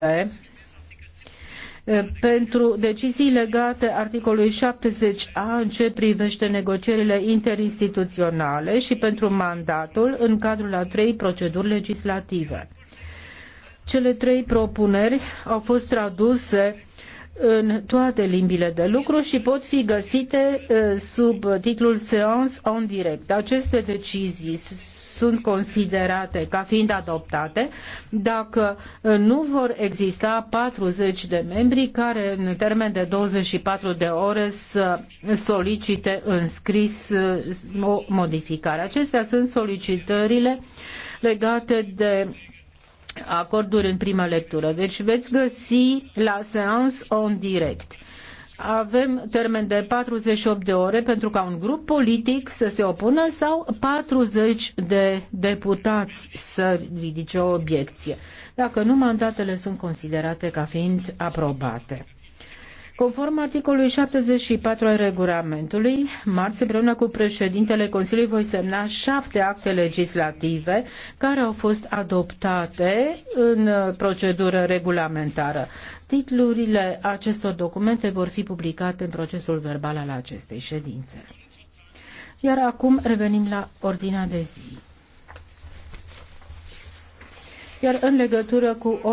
Eh, pentru decizii legate articolului 70a în ce privește negocierile interinstituționale și pentru mandatul în cadrul a trei proceduri legislative. Cele trei propuneri au fost traduse în toate limbile de lucru și pot fi găsite uh, sub titlul Seance en direct. Aceste decizii sunt considerate ca fiind adoptate dacă uh, nu vor exista 40 de membri care în termen de 24 de ore să solicite în scris uh, o modificare. Acestea sunt solicitările legate de acorduri în prima lectură. Deci veți găsi la seans on direct. Avem termen de 48 de ore pentru ca un grup politic să se opună sau 40 de deputați să ridice o obiecție, dacă nu mandatele sunt considerate ca fiind aprobate. Conform articolului 74 al regulamentului, marți împreună cu președintele Consiliului voi semna șapte acte legislative care au fost adoptate în uh, procedură regulamentară. Titlurile acestor documente vor fi publicate în procesul verbal al acestei ședințe. Iar acum revenim la ordinea de zi. Iar în legătură cu